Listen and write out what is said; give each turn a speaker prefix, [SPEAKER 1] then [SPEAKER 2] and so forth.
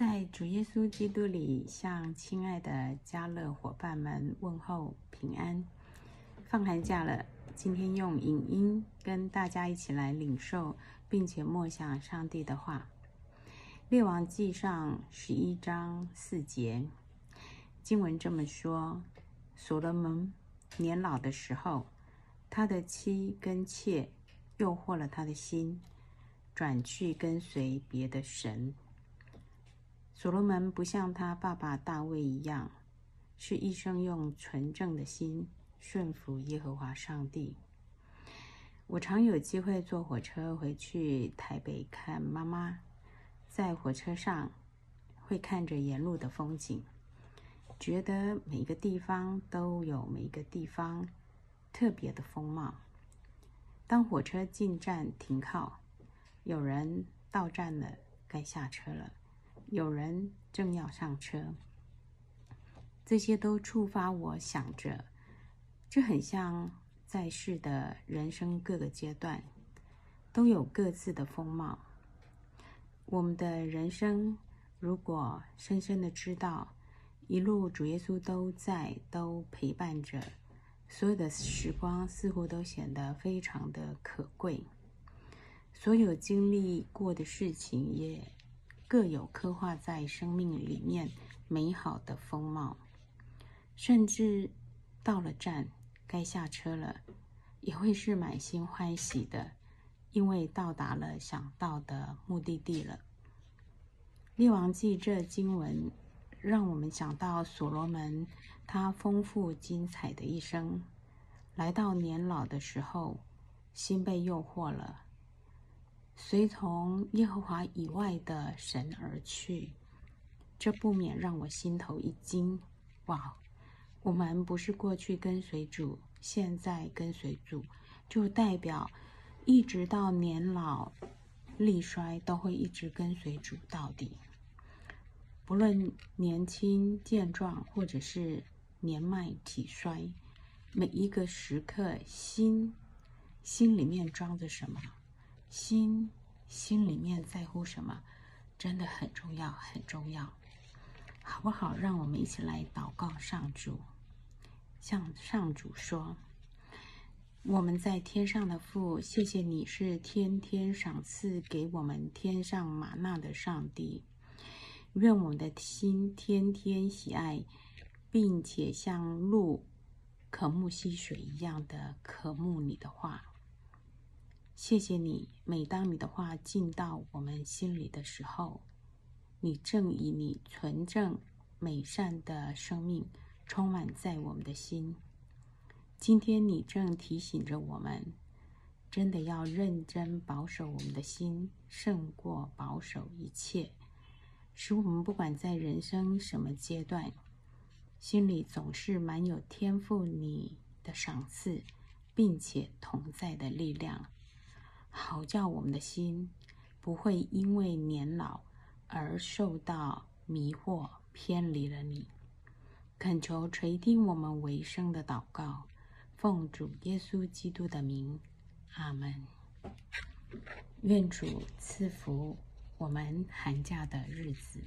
[SPEAKER 1] 在主耶穌基督裡，向親愛的家樂夥伴們問候平安。放寒假了，今天用影音跟大家一起來領受，並且默想上帝的話。列王記上十一章四節，經文這麼說：所羅門年老的時候，他的妻跟妾誘惑了他的心，轉去跟隨別的神。所羅門不像他爸爸大衛一樣，是一生用純正的心順服耶和華上帝。我常有機會坐火車回去台北看媽媽，在火車上會看着沿路的風景，覺得每個地方都有每個地方特別的風貌。當火車進站停靠，有人到站了，該下車了。有人正要上車，這些都觸發我想着，這很像在世的人生各個階段都有各自的風貌。我們的人生，如果深深的知道，一路主耶穌都在，都陪伴着，所有的時光似乎都顯得非常的可貴，所有經歷過的事情也。各有刻畫在生命裡面美好的風貌，甚至到了站該下車了，也會是滿心歡喜的，因為到達了想到的目的地了。《列王紀》這經文讓我們想到所羅門他豐富精彩的一生，來到年老的時候，心被誘惑了。隨從耶和華以外的神而去，這不免讓我心頭一驚。哇，我們不是過去跟隨主，現在跟隨主，就代表一直到年老力衰都會一直跟隨主到底？不論年輕健壯，或者是年邁體衰，每一個時刻心，心心裡面裝着什麼，心。心裡面在乎什麼，真的很重要，很重要，好不好？讓我們一起來禱告上主，向上主說：“我們在天上的父，謝謝你是天天賞賜給我們天上瑪納的上帝，願我們的心天天喜愛，並且像鹿渴慕溪水一樣的渴慕你的話。”謝謝你。每當你的話進到我們心裡的時候，你正以你純正美善的生命充滿在我們的心。今天你正提醒着我們，真的要認真保守我們的心，勝過保守一切，使我們不管在人生什麼階段，心裡總是滿有天父你的賞賜，並且同在的力量。好叫我們的心不會因為年老而受到迷惑，偏離了你。懇求垂聽我們為生的禱告，奉主耶穌基督的名，阿門。願主賜福我們寒假的日子。